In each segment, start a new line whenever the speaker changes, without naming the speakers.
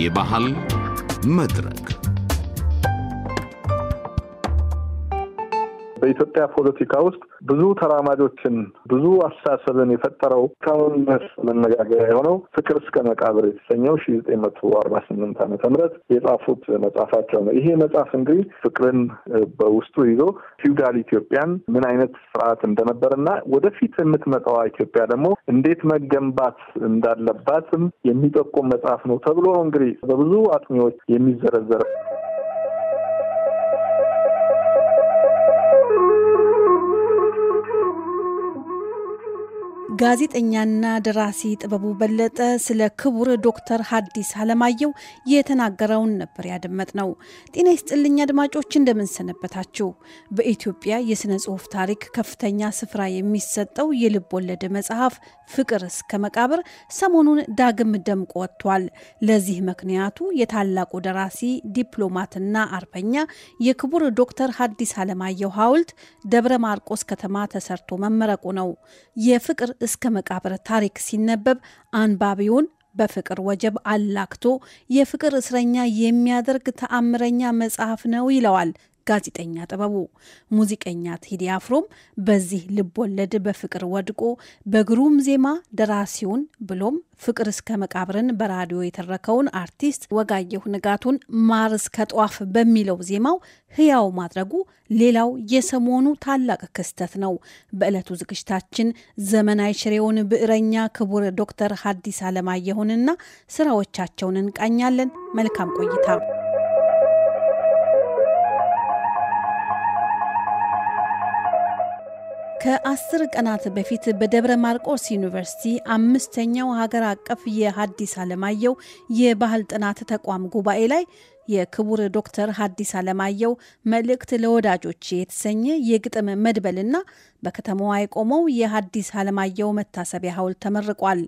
የባህል መድረክ በኢትዮጵያ ፖለቲካ ውስጥ ብዙ ተራማጆችን ብዙ አስተሳሰብን የፈጠረው እስካሁን መነጋገሪያ የሆነው ፍቅር እስከ መቃብር የተሰኘው ሺ ዘጠኝ መቶ አርባ ስምንት ዓመተ ምህረት የጻፉት መጽሐፋቸው ነው። ይሄ መጽሐፍ እንግዲህ ፍቅርን በውስጡ ይዞ ፊውዳል ኢትዮጵያን ምን አይነት ስርዓት እንደነበር ወደፊት የምትመጣዋ ኢትዮጵያ ደግሞ እንዴት መገንባት እንዳለባትም የሚጠቁም መጽሐፍ ነው ተብሎ ነው እንግዲህ በብዙ አጥኚዎች የሚዘረዘረ
ጋዜጠኛና ደራሲ ጥበቡ በለጠ ስለ ክቡር ዶክተር ሐዲስ ዓለማየሁ የተናገረውን ነበር ያደመጥ ነው። ጤና ይስጥልኝ አድማጮች፣ እንደምንሰነበታችሁ። በኢትዮጵያ የሥነ ጽሑፍ ታሪክ ከፍተኛ ስፍራ የሚሰጠው የልብ ወለድ መጽሐፍ ፍቅር እስከ መቃብር ሰሞኑን ዳግም ደምቆ ወጥቷል። ለዚህ ምክንያቱ የታላቁ ደራሲ ዲፕሎማትና አርበኛ የክቡር ዶክተር ሐዲስ ዓለማየሁ ሐውልት ደብረ ማርቆስ ከተማ ተሰርቶ መመረቁ ነው። የፍቅር እስከ መቃብር ታሪክ ሲነበብ አንባቢውን በፍቅር ወጀብ አላክቶ የፍቅር እስረኛ የሚያደርግ ተአምረኛ መጽሐፍ ነው ይለዋል ጋዜጠኛ ጥበቡ ሙዚቀኛ ቴዲ አፍሮም በዚህ ልብ ወለድ በፍቅር ወድቆ በግሩም ዜማ ደራሲውን ብሎም ፍቅር እስከ መቃብርን በራዲዮ የተረከውን አርቲስት ወጋየሁ ንጋቱን ማር እስከ ጧፍ በሚለው ዜማው ህያው ማድረጉ ሌላው የሰሞኑ ታላቅ ክስተት ነው። በዕለቱ ዝግጅታችን ዘመናዊ ሽሬውን ብዕረኛ ክቡር ዶክተር ሀዲስ አለማየሁንና ስራዎቻቸውን እንቃኛለን። መልካም ቆይታ። ከአስር ቀናት በፊት በደብረ ማርቆስ ዩኒቨርሲቲ አምስተኛው ሀገር አቀፍ የሀዲስ ዓለማየሁ የባህል ጥናት ተቋም ጉባኤ ላይ የክቡር ዶክተር ሀዲስ አለማየሁ መልእክት ለወዳጆች የተሰኘ የግጥም መድበልና በከተማዋ የቆመው የሀዲስ አለማየሁ መታሰቢያ ሐውልት ተመርቋል።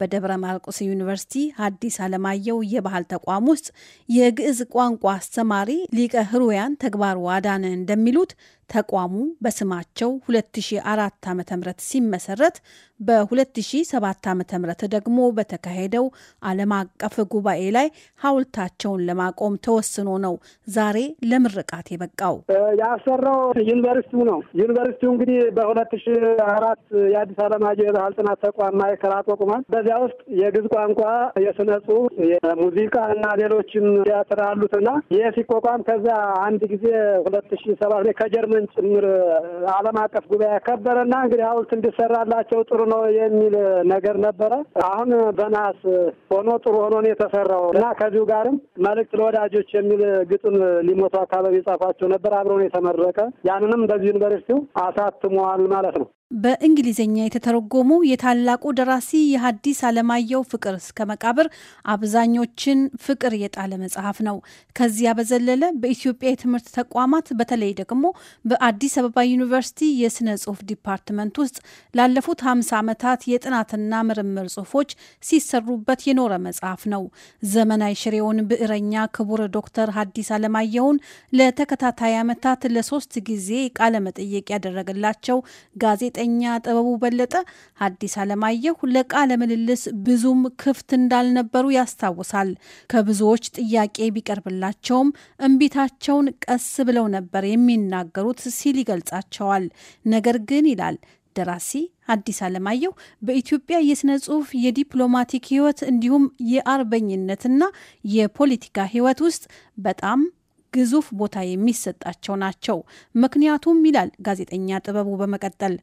በደብረ ማርቆስ ዩኒቨርሲቲ ሀዲስ አለማየሁ የባህል ተቋም ውስጥ የግዕዝ ቋንቋ አስተማሪ ሊቀ ህሩያን ተግባሩ አዳነ እንደሚሉት ተቋሙ በስማቸው 2004 ዓ.ም ሲመሰረት በ2007 ዓ ም ደግሞ በተካሄደው ዓለም አቀፍ ጉባኤ ላይ ሐውልታቸውን ለማቆም ተወስኖ ነው ዛሬ ለምርቃት የበቃው። ያሰራው ዩኒቨርሲቲው ነው። ዩኒቨርሲቲው እንግዲህ በ2004 የአዲስ አለማ አየሁ የባህል ጥናት ተቋም ማዕከል አቋቁሟል።
በዚያ ውስጥ የግዕዝ ቋንቋ፣ የስነ ጽሑፍ፣ የሙዚቃ እና ሌሎችም ቲያትር አሉትና ይህ ሲቋቋም ከዚያ አንድ ጊዜ ሁለት ከጀርመን ጭምር ዓለም አቀፍ ጉባኤ ያከበረና እንግዲህ ሐውልት እንዲሰራላቸው ጥሩ ነው የሚል ነገር ነበረ። አሁን በናስ ሆኖ ጥሩ ሆኖ ነው የተሰራው እና ከዚሁ ጋርም መልእክት ለወዳጆች የሚል ግጥም ሊሞቱ አካባቢ የጻፏቸው ነበር። አብረው ነው የተመረቀ። ያንንም በዚህ ዩኒቨርሲቲው
አሳትመዋል ማለት ነው። በእንግሊዝኛ የተተረጎሙ የታላቁ ደራሲ የሐዲስ ዓለማየሁ ፍቅር እስከ መቃብር አብዛኞችን ፍቅር የጣለ መጽሐፍ ነው። ከዚያ በዘለለ በኢትዮጵያ የትምህርት ተቋማት በተለይ ደግሞ በአዲስ አበባ ዩኒቨርሲቲ የሥነ ጽሑፍ ዲፓርትመንት ውስጥ ላለፉት 50 ዓመታት የጥናትና ምርምር ጽሑፎች ሲሰሩበት የኖረ መጽሐፍ ነው። ዘመን ሽሬውን ብዕረኛ ክቡር ዶክተር ሐዲስ ዓለማየሁን ለተከታታይ ዓመታት ለሶስት ጊዜ ቃለመጠየቅ ያደረገላቸው ጋዜጣ ጋዜጠኛ ጥበቡ በለጠ ሐዲስ ዓለማየሁ ለቃለ ምልልስ ብዙም ክፍት እንዳልነበሩ ያስታውሳል። ከብዙዎች ጥያቄ ቢቀርብላቸውም እምቢታቸውን ቀስ ብለው ነበር የሚናገሩት ሲል ይገልጻቸዋል። ነገር ግን ይላል ደራሲ ሐዲስ ዓለማየሁ በኢትዮጵያ የሥነ ጽሑፍ፣ የዲፕሎማቲክ ሕይወት እንዲሁም የአርበኝነትና የፖለቲካ ሕይወት ውስጥ በጣም ግዙፍ ቦታ የሚሰጣቸው ናቸው። ምክንያቱም ይላል ጋዜጠኛ ጥበቡ በመቀጠል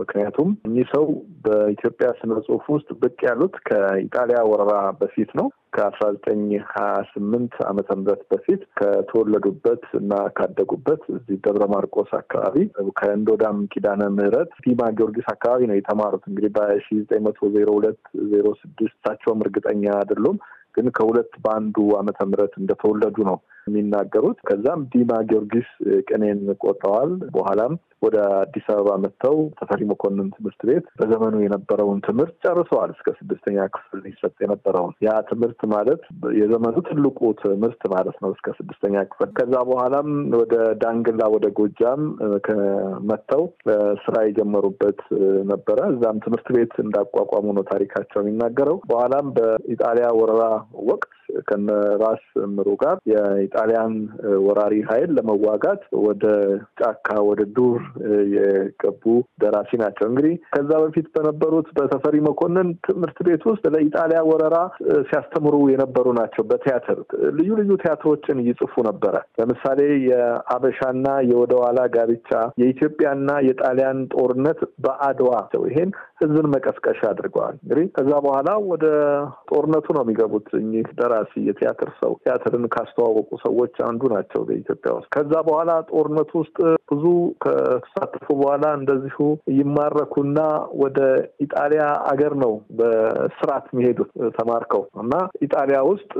ምክንያቱም እኚህ ሰው በኢትዮጵያ ስነ ጽሁፍ ውስጥ ብቅ ያሉት ከኢጣሊያ ወረራ በፊት ነው። ከአስራ ዘጠኝ ሀያ ስምንት ዓመተ ምህረት በፊት ከተወለዱበት እና ካደጉበት እዚህ ደብረ ማርቆስ አካባቢ ከእንዶዳም ኪዳነ ምህረት ዲማ ጊዮርጊስ አካባቢ ነው የተማሩት። እንግዲህ በሺ ዘጠኝ መቶ ዜሮ ሁለት ዜሮ ስድስት እሳቸውም እርግጠኛ አይደሉም ግን ከሁለት በአንዱ አመተ ምህረት እንደተወለዱ ነው የሚናገሩት። ከዛም ዲማ ጊዮርጊስ ቅኔን ቆጠዋል። በኋላም ወደ አዲስ አበባ መጥተው ተፈሪ መኮንን ትምህርት ቤት በዘመኑ የነበረውን ትምህርት ጨርሰዋል። እስከ ስድስተኛ ክፍል ይሰጥ የነበረውን ያ ትምህርት ማለት የዘመኑ ትልቁ ትምህርት ማለት ነው። እስከ ስድስተኛ ክፍል ከዛ በኋላም ወደ ዳንግላ ወደ ጎጃም መጥተው ስራ የጀመሩበት ነበረ። እዛም ትምህርት ቤት እንዳቋቋሙ ነው ታሪካቸው የሚናገረው። በኋላም በኢጣሊያ ወረራ ወቅት ከነ ራስ ምሩ ጋር የኢጣሊያን ወራሪ ኃይል ለመዋጋት ወደ ጫካ ወደ ዱር የገቡ ደራሲ ናቸው። እንግዲህ ከዛ በፊት በነበሩት በተፈሪ መኮንን ትምህርት ቤት ውስጥ ለኢጣሊያ ወረራ ሲያስተምሩ የነበሩ ናቸው። በቲያትር ልዩ ልዩ ቲያትሮችን ይጽፉ ነበረ። ለምሳሌ የአበሻና የወደኋላ ጋብቻ፣ የኢትዮጵያና የጣሊያን ጦርነት በአድዋ ይሄን ህዝብን መቀስቀሻ አድርገዋል። እንግዲህ ከዛ በኋላ ወደ ጦርነቱ ነው የሚገቡት እኚህ ደራሲ የቲያትር ሰው ቲያትርን ካስተዋወቁ ሰዎች አንዱ ናቸው በኢትዮጵያ ውስጥ። ከዛ በኋላ ጦርነት ውስጥ ብዙ ከተሳተፉ በኋላ እንደዚሁ ይማረኩና ወደ ኢጣሊያ አገር ነው በስርዓት የሚሄዱት ተማርከው እና ኢጣሊያ ውስጥ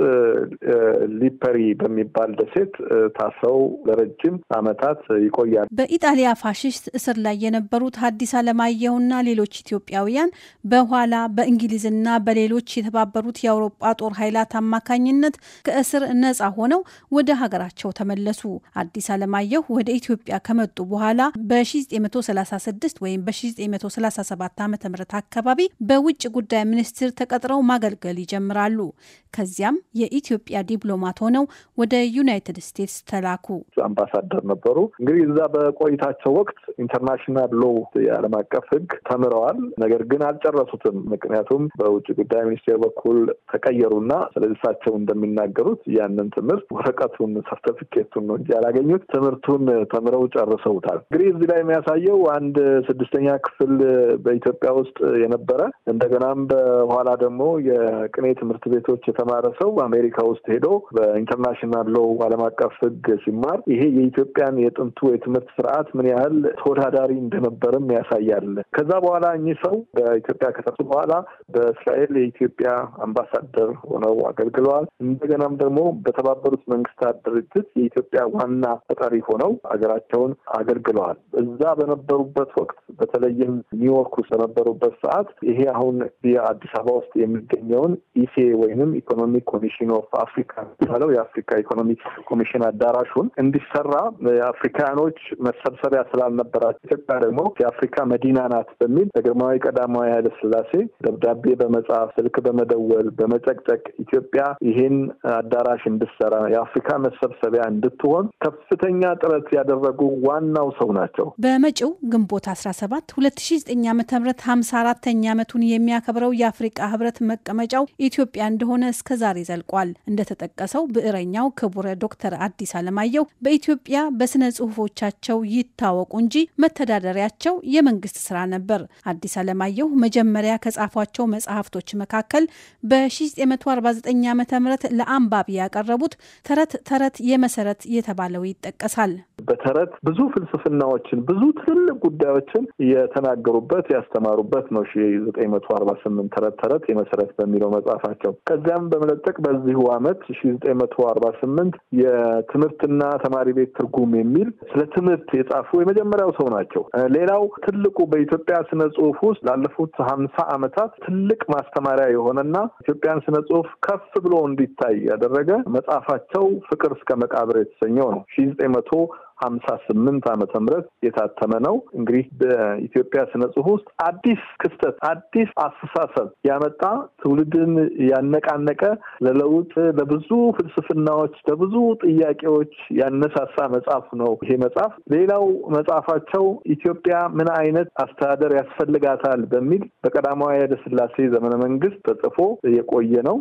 ሊፐሪ በሚባል ደሴት ታስረው ለረጅም ዓመታት ይቆያል።
በኢጣሊያ ፋሽስት እስር ላይ የነበሩት ሐዲስ አለማየሁና ሌሎች ኢትዮጵያውያን በኋላ በእንግሊዝና በሌሎች የተባበሩት የአውሮጳ ጦር ኃይላት አማካኝነት ከእስር ነጻ ሆነው ወደ ሀገራቸው ተመለሱ። አዲስ አለማየሁ ወደ ኢትዮጵያ ከመጡ በኋላ በ1936 ወይም በ1937 ዓ ም አካባቢ በውጭ ጉዳይ ሚኒስቴር ተቀጥረው ማገልገል ይጀምራሉ። ከዚያም የኢትዮጵያ ዲፕሎማት ሆነው ወደ ዩናይትድ ስቴትስ ተላኩ።
አምባሳደር ነበሩ። እንግዲህ እዛ በቆይታቸው ወቅት ኢንተርናሽናል ሎ የዓለም አቀፍ ሕግ ተምረዋል። ነገር ግን አልጨረሱትም። ምክንያቱም በውጭ ጉዳይ ሚኒስቴር በኩል ተቀየሩና እና ስለዚህ እሳቸው እንደሚናገሩት ያንን ትምህርት ወረቀቱን ሰርተፊኬቱን ነው እንጂ ያላገኙት ትምህርቱን ተምረው ጨርሰውታል። እንግዲህ እዚህ ላይ የሚያሳየው አንድ ስድስተኛ ክፍል በኢትዮጵያ ውስጥ የነበረ እንደገናም በኋላ ደግሞ የቅኔ ትምህርት ቤቶች የተማረ ሰው አሜሪካ ውስጥ ሄዶ በኢንተርናሽናል ሎው ዓለም አቀፍ ሕግ ሲማር ይሄ የኢትዮጵያን የጥንቱ የትምህርት ስርዓት ምን ያህል ተወዳዳሪ እንደነበርም ያሳያል። ከዛ በኋላ እኚህ ሰው በኢትዮጵያ ከተሱ በኋላ በእስራኤል የኢትዮጵያ አምባሳደር ሆነው አገልግለዋል። እንደገናም ደግሞ በተባበሩት መንግስታት ድርጅት የኢትዮጵያ ዋና ተጠሪ ሆነው ሀገራቸውን አገልግለዋል። እዛ በነበሩበት ወቅት በተለይም ኒውዮርክ ውስጥ በነበሩበት ሰዓት ይሄ አሁን የአዲስ አበባ ውስጥ የሚገኘውን ኢሴ ወይንም ኢኮኖሚክ ኮሚሽን ኦፍ አፍሪካ የሚባለው የአፍሪካ ኢኮኖሚክ ኮሚሽን አዳራሹን እንዲሰራ የአፍሪካኖች መሰብሰቢያ ስላልነበራቸው ኢትዮጵያ ደግሞ የአፍሪካ መዲና ናት በሚል ለግርማዊ ቀዳማዊ ኃይለ ስላሴ ደብዳቤ በመጻፍ ስልክ በመደወል በመጨቅጨቅ ኢትዮጵያ ይህን አዳራሽ እንድሰራ የአፍሪካ መሰብሰቢያ እንድትሆን ከፍተኛ ጥረት ያደረጉ ዋናው ሰው ናቸው።
በመጪው ግንቦት አስራ ሰባት ሁለት ሺ ዘጠኝ ዓመተ ሀምሳ አራተኛ ዓመቱን የሚያከብረው የአፍሪቃ ህብረት መቀመጫው ኢትዮጵያ እንደሆነ እስከ ዛሬ ዘልቋል። እንደተጠቀሰው ብዕረኛው ክቡረ ዶክተር አዲስ አለማየሁ በኢትዮጵያ በስነ ጽሁፎቻቸው ይታወቁ እንጂ መተዳደሪያቸው የመንግስት ስራ ነበር። አዲስ አለማየሁ መጀመሪያ ከጻፏቸው መጽሐፍቶች መካከል በ19 በ1949 ዓ ም ለአንባቢ ያቀረቡት ተረት ተረት የመሰረት የተባለው ይጠቀሳል።
በተረት ብዙ ፍልስፍናዎችን ብዙ ትልልቅ ጉዳዮችን የተናገሩበት ያስተማሩበት ነው። ሺ ዘጠኝ መቶ አርባ ስምንት ተረት ተረት የመሰረት በሚለው መጽሐፋቸው ከዚያም በመለጠቅ በዚሁ ዓመት ሺ ዘጠኝ መቶ አርባ ስምንት የትምህርትና ተማሪ ቤት ትርጉም የሚል ስለ ትምህርት የጻፉ የመጀመሪያው ሰው ናቸው። ሌላው ትልቁ በኢትዮጵያ ስነ ጽሁፍ ውስጥ ላለፉት ሀምሳ ዓመታት ትልቅ ማስተማሪያ የሆነና ኢትዮጵያን ስነ ጽሁፍ ከፍ ብሎ እንዲታይ ያደረገ መጽሐፋቸው ፍቅር እስከ መቃብር የተሰኘው ነው ሺ ዘጠኝ መቶ ሀምሳ ስምንት ዓመተ ምህረት የታተመ ነው። እንግዲህ በኢትዮጵያ ስነ ጽሁፍ ውስጥ አዲስ ክስተት፣ አዲስ አስተሳሰብ ያመጣ ትውልድን ያነቃነቀ ለለውጥ ለብዙ ፍልስፍናዎች፣ ለብዙ ጥያቄዎች ያነሳሳ መጽሐፍ ነው ይሄ መጽሐፍ። ሌላው መጽሐፋቸው ኢትዮጵያ ምን አይነት አስተዳደር ያስፈልጋታል በሚል በቀዳማዊ ኃይለ ሥላሴ ዘመነ መንግስት ተጽፎ የቆየ ነው።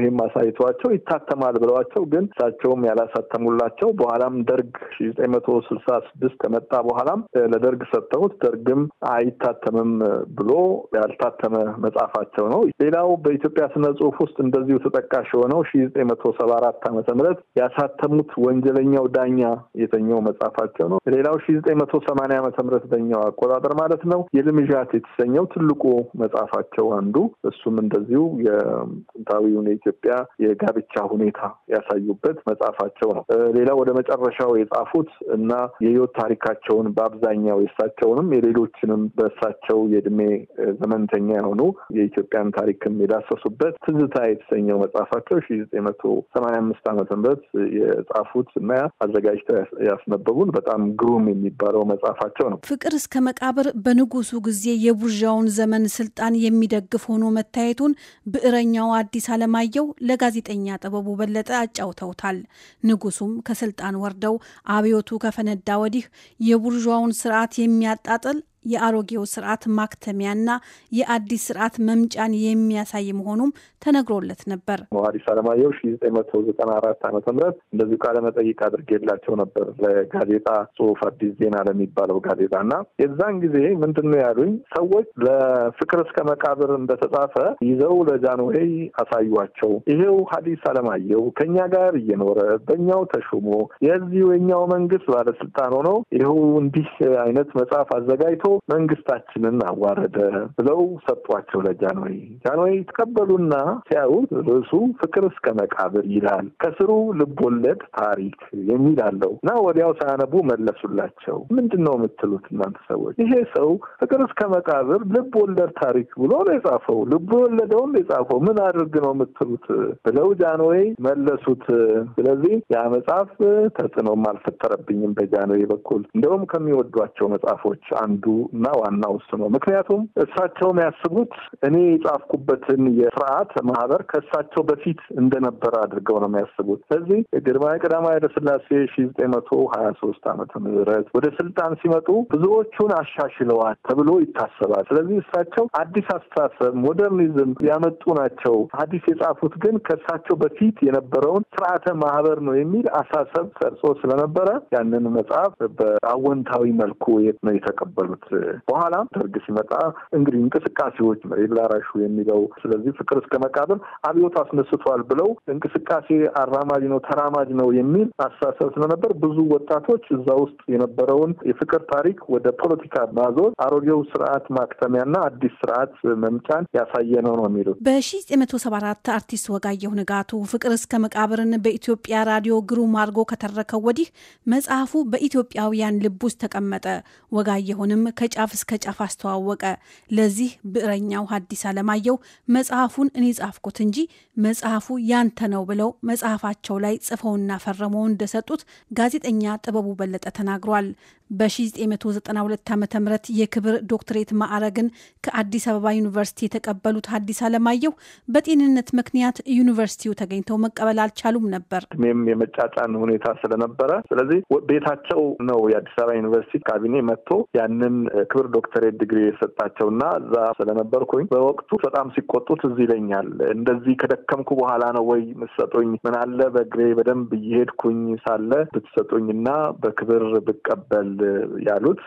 ይሄም አሳይተዋቸው ይታተማል ብለዋቸው ግን እሳቸውም ያላሳተሙላቸው በኋላም ደርግ ዘጠኝ መቶ ስልሳ ስድስት ከመጣ በኋላም ለደርግ ሰጥተውት ደርግም አይታተምም ብሎ ያልታተመ መጽሐፋቸው ነው። ሌላው በኢትዮጵያ ስነ ጽሁፍ ውስጥ እንደዚሁ ተጠቃሽ የሆነው ሺ ዘጠኝ መቶ ሰባ አራት ዓመተ ምህረት ያሳተሙት ወንጀለኛው ዳኛ የተኛው መጽሐፋቸው ነው። ሌላው ሺ ዘጠኝ መቶ ሰማንያ ዓመተ ምህረት በኛው አቆጣጠር ማለት ነው የልምዣት የተሰኘው ትልቁ መጽሐፋቸው አንዱ እሱም እንደዚሁ የጥንታዊውን የኢትዮጵያ የጋብቻ ሁኔታ ያሳዩበት መጽሐፋቸው ነው። ሌላው ወደ መጨረሻው የጻፉት ያሉት እና የህይወት ታሪካቸውን በአብዛኛው የእሳቸውንም የሌሎችንም በእሳቸው የእድሜ ዘመንተኛ የሆኑ የኢትዮጵያን ታሪክም የዳሰሱበት ትዝታ የተሰኘው መጽሐፋቸው ሺ ዘጠኝ መቶ ሰማንያ አምስት ዓመተ ምህረት የጻፉት እና አዘጋጅተው ያስነበቡን በጣም ግሩም የሚባለው መጽሐፋቸው ነው።
ፍቅር እስከ መቃብር በንጉሱ ጊዜ የቡርዣውን ዘመን ስልጣን የሚደግፍ ሆኖ መታየቱን ብዕረኛው አዲስ አለማየሁ ለጋዜጠኛ ጥበቡ በለጠ አጫውተውታል። ንጉሱም ከስልጣን ወርደው አብዮ ርዕዮቱ ከፈነዳ ወዲህ የቡርዣውን ስርዓት የሚያጣጥል የአሮጌው ስርዓት ማክተሚያና የአዲስ ስርዓት መምጫን የሚያሳይ መሆኑም ተነግሮለት ነበር።
መሐንዲስ አለማየሁ ሺ ዘጠኝ መቶ ዘጠና አራት ዓመተ ምህረት እንደዚሁ ቃለመጠይቅ አድርጌላቸው ነበር ለጋዜጣ ጽሁፍ አዲስ ዜና ለሚባለው ጋዜጣ እና የዛን ጊዜ ምንድን ነው ያሉኝ ሰዎች ለፍቅር እስከ መቃብር እንደተጻፈ ይዘው ለጃንሆይ አሳዩቸው። ይሄው ሐዲስ አለማየሁ ከኛ ጋር እየኖረ በእኛው ተሹሞ የዚሁ የኛው መንግስት ባለስልጣን ሆኖ ይኸው እንዲህ አይነት መጽሐፍ አዘጋጅቶ መንግስታችንን አዋረደ ብለው ሰጧቸው ለጃንሆይ። ጃንሆይ ተቀበሉና ሲያዩት ርዕሱ ፍቅር እስከ መቃብር ይላል፣ ከስሩ ልቦለድ ታሪክ የሚል አለው እና ወዲያው ሳያነቡ መለሱላቸው። ምንድን ነው የምትሉት እናንተ ሰዎች? ይሄ ሰው ፍቅር እስከ መቃብር ልብ ወለድ ታሪክ ብሎ ነው የጻፈው። ልብ ወለደውን የጻፈው ምን አድርግ ነው የምትሉት ብለው ጃንሆይ መለሱት። ስለዚህ ያ መጽሐፍ ተጽዕኖም አልፈጠረብኝም በጃንሆይ በኩል። እንደውም ከሚወዷቸው መጽሐፎች አንዱ እና ዋናው እሱ ነው። ምክንያቱም እሳቸው ያስቡት እኔ የጻፍኩበትን የስርዓት ማህበር ከእሳቸው በፊት እንደነበረ አድርገው ነው የሚያስቡት። ስለዚህ ግርማዊ ቀዳማዊ ኃይለ ሥላሴ ሺ ዘጠኝ መቶ ሀያ ሶስት አመተ ምህረት ወደ ስልጣን ሲመጡ ብዙዎቹን አሻሽለዋል ተብሎ ይታሰባል። ስለዚህ እሳቸው አዲስ አስተሳሰብ ሞደርኒዝም ያመጡ ናቸው። አዲስ የጻፉት ግን ከእሳቸው በፊት የነበረውን ስርዓተ ማህበር ነው የሚል አሳሰብ ሰርጾ ስለነበረ ያንን መጽሐፍ በአወንታዊ መልኩ ነው የተቀበሉት። በኋላ ደርግ ሲመጣ እንግዲህ እንቅስቃሴዎች መሬት ላራሹ የሚለው ስለዚህ ፍቅር እስከ መቃብር አብዮት አስነስቷል ብለው እንቅስቃሴ አራማጅ ነው ተራማጅ ነው የሚል አስተሳሰብ ስለነበር ብዙ ወጣቶች እዛ ውስጥ የነበረውን የፍቅር ታሪክ ወደ ፖለቲካ ማዞር አሮጌው ስርዓት ማክተሚያና አዲስ ስርዓት መምጫን ያሳየ ነው ነው የሚሉት።
በ1974 አርቲስት ወጋየሁ ንጋቱ ፍቅር እስከ መቃብርን በኢትዮጵያ ራዲዮ ግሩም አድርጎ ከተረከው ወዲህ መጽሐፉ በኢትዮጵያውያን ልብ ውስጥ ተቀመጠ። ወጋየሁንም ከጫፍ እስከ ጫፍ አስተዋወቀ። ለዚህ ብዕረኛው ሐዲስ ዓለማየሁ መጽሐፉን እኔ ጻፍኩት እንጂ መጽሐፉ ያንተ ነው ብለው መጽሐፋቸው ላይ ጽፈውና ፈርመው እንደሰጡት ጋዜጠኛ ጥበቡ በለጠ ተናግሯል። በ1992 ዓ ም የክብር ዶክትሬት ማዕረግን ከአዲስ አበባ ዩኒቨርሲቲ የተቀበሉት ሐዲስ አለማየሁ በጤንነት ምክንያት ዩኒቨርሲቲው ተገኝተው መቀበል አልቻሉም ነበር።
እድሜም የመጫጫን ሁኔታ ስለነበረ፣ ስለዚህ ቤታቸው ነው የአዲስ አበባ ዩኒቨርሲቲ ካቢኔ መጥቶ ያንን ክብር ዶክትሬት ዲግሪ የሰጣቸውና እዛ ስለነበርኩኝ በወቅቱ በጣም ሲቆጡት እዚህ ይለኛል እንደዚህ ከደከምኩ በኋላ ነው ወይ ምትሰጡኝ? ምናለ በእግሬ በደንብ እየሄድኩኝ ሳለ ብትሰጡኝና በክብር ብቀበል ያሉት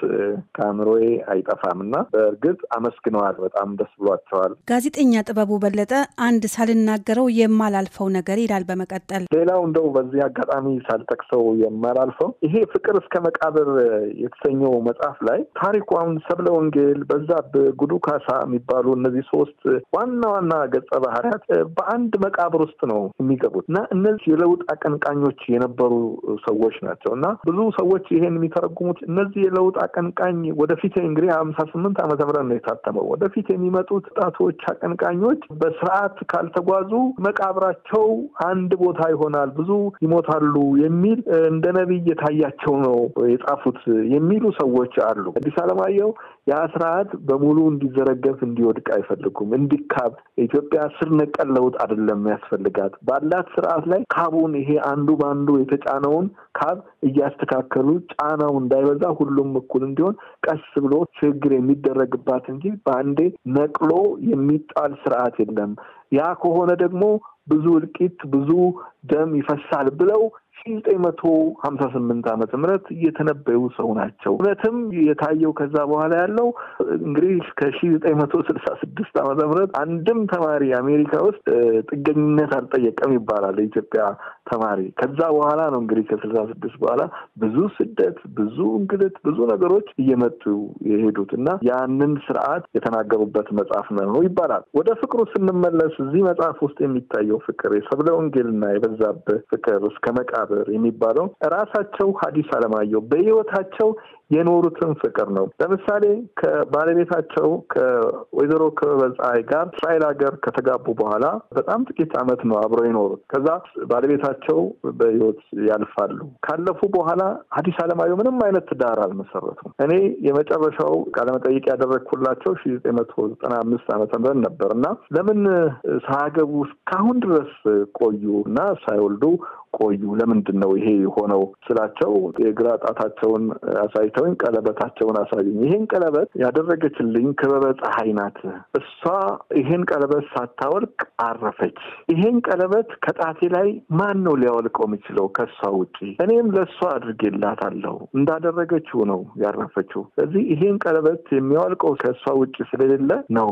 ከአእምሮዬ አይጠፋም እና በእርግጥ አመስግነዋል። በጣም ደስ ብሏቸዋል።
ጋዜጠኛ ጥበቡ በለጠ አንድ ሳልናገረው የማላልፈው ነገር ይላል። በመቀጠል ሌላው እንደው በዚህ አጋጣሚ
ሳልጠቅሰው የማላልፈው ይሄ ፍቅር እስከ መቃብር የተሰኘው መጽሐፍ ላይ ታሪኳን ሰብለ ወንጌል፣ በዛብህ ጉዱ ካሳ የሚባሉ እነዚህ ሶስት ዋና ዋና ገጸ ባህሪያት በአንድ መቃብር ውስጥ ነው የሚገቡት እና እነዚህ የለውጥ አቀንቃኞች የነበሩ ሰዎች ናቸው እና ብዙ ሰዎች ይሄን የሚተረጉሙት እነዚህ የለውጥ አቀንቃኝ ወደፊት እንግዲህ ሀምሳ ስምንት ዓመተ ምህረት ነው የታተመው። ወደፊት የሚመጡት ጣቶች አቀንቃኞች በስርዓት ካልተጓዙ መቃብራቸው አንድ ቦታ ይሆናል፣ ብዙ ይሞታሉ የሚል እንደ ነቢይ የታያቸው ነው የጻፉት የሚሉ ሰዎች አሉ። አዲስ አለማየሁ ያ ስርዓት በሙሉ እንዲዘረገፍ እንዲወድቅ አይፈልጉም፣ እንዲካብ። ኢትዮጵያ ስር ነቀል ለውጥ አይደለም ያስፈልጋት። ባላት ስርዓት ላይ ካቡን ይሄ አንዱ በአንዱ የተጫነውን ካብ እያስተካከሉ ጫናው እንዳይበዛ ሁሉም እኩል እንዲሆን ቀስ ብሎ ችግር የሚደረግባት እንጂ በአንዴ ነቅሎ የሚጣል ስርዓት የለም። ያ ከሆነ ደግሞ ብዙ እልቂት፣ ብዙ ደም ይፈሳል ብለው ሺህ ዘጠኝ መቶ ሀምሳ ስምንት ዓመተ ምህረት እየተነበዩ ሰው ናቸው። እውነትም የታየው ከዛ በኋላ ያለው እንግዲህ ከሺ ዘጠኝ መቶ ስልሳ ስድስት ዓመተ ምህረት አንድም ተማሪ አሜሪካ ውስጥ ጥገኝነት አልጠየቀም ይባላል የኢትዮጵያ ተማሪ። ከዛ በኋላ ነው እንግዲህ ከስልሳ ስድስት በኋላ ብዙ ስደት፣ ብዙ እንግልት፣ ብዙ ነገሮች እየመጡ የሄዱት እና ያንን ስርዓት የተናገሩበት መጽሐፍ ነው ይባላል። ወደ ፍቅሩ ስንመለስ እዚህ መጽሐፍ ውስጥ የሚታየው ፍቅር የሰብለ ወንጌልና የበዛብህ ፍቅር እስከ መቃብ ማህበር የሚባለው ራሳቸው ሀዲስ አለማየሁ በህይወታቸው የኖሩትን ፍቅር ነው። ለምሳሌ ከባለቤታቸው ከወይዘሮ ፀሐይ ጋር እስራኤል ሀገር ከተጋቡ በኋላ በጣም ጥቂት ዓመት ነው አብረው የኖሩት። ከዛ ባለቤታቸው በህይወት ያልፋሉ። ካለፉ በኋላ ሀዲስ አለማየሁ ምንም አይነት ትዳር አልመሰረቱም። እኔ የመጨረሻው ቃለመጠይቅ ያደረግኩላቸው ሺ ዘጠኝ መቶ ዘጠና አምስት ዓመተ ምህረት ነበር እና ለምን ሳያገቡ እስካሁን ድረስ ቆዩ እና ሳይወልዱ ቆዩ ለምን ለምንድን ነው ይሄ የሆነው ስላቸው የግራ ጣታቸውን አሳይተውኝ ቀለበታቸውን አሳዩኝ። ይህን ቀለበት ያደረገችልኝ ክበበ ፀሐይ ናት። እሷ ይሄን ቀለበት ሳታወልቅ አረፈች። ይሄን ቀለበት ከጣቴ ላይ ማን ነው ሊያወልቀው የሚችለው ከእሷ ውጪ? እኔም ለእሷ አድርጌላታለሁ። እንዳደረገችው ነው ያረፈችው። ስለዚህ ይሄን ቀለበት የሚያወልቀው ከእሷ ውጭ ስለሌለ ነው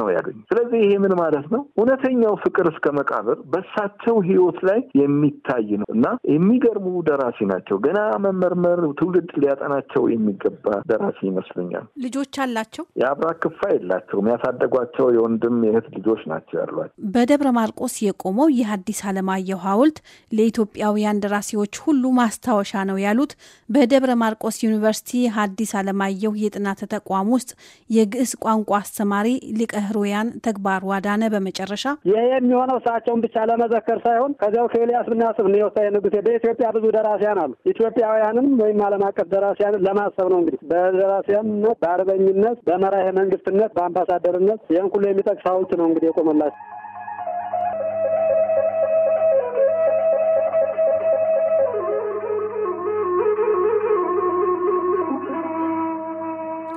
ነው ያገኙ። ስለዚህ ይሄ ምን ማለት ነው? እውነተኛው ፍቅር እስከ መቃብር በሳቸው ህይወት ላይ የሚታይ ነው እና የሚገርሙ ደራሲ ናቸው። ገና መመርመር ትውልድ ሊያጠናቸው የሚገባ ደራሲ ይመስለኛል።
ልጆች አላቸው፣
የአብራ ክፋ የላቸውም። ያሳደጓቸው የወንድም የእህት ልጆች ናቸው
ያሏቸው። በደብረ ማርቆስ የቆመው የሐዲስ አለማየሁ ሐውልት ለኢትዮጵያውያን ደራሲዎች ሁሉ ማስታወሻ ነው ያሉት በደብረ ማርቆስ ዩኒቨርሲቲ ሐዲስ ዓለማየሁ የጥናት ተቋም ውስጥ የግዕዝ ቋንቋ አስተማሪ ሊቀ ከህሩያን ተግባር ዋዳነ በመጨረሻ
ይሄ የሚሆነው እሳቸውን ብቻ ለመዘከር ሳይሆን ከዚያው ከኤልያስ ብናስብ ነው ንጉሴ በኢትዮጵያ ብዙ ደራሲያን አሉ። ኢትዮጵያውያንም ወይም ዓለም አቀፍ ደራሲያን ለማሰብ ነው እንግዲህ በደራሲያንነት፣ በአርበኝነት፣ በመራሄ መንግስትነት፣ በአምባሳደርነት ይህን ሁሉ የሚጠቅስ ሐውልት ነው እንግዲህ የቆመላቸው።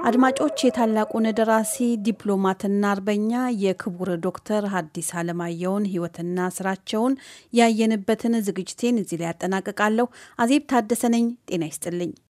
አድማጮች የታላቁን ደራሲ ዲፕሎማትና አርበኛ የክቡር ዶክተር ሐዲስ ዓለማየሁን ህይወትና ስራቸውን ያየንበትን ዝግጅቴን እዚህ ላይ ያጠናቅቃለሁ። አዜብ ታደሰ ነኝ። ጤና ይስጥልኝ።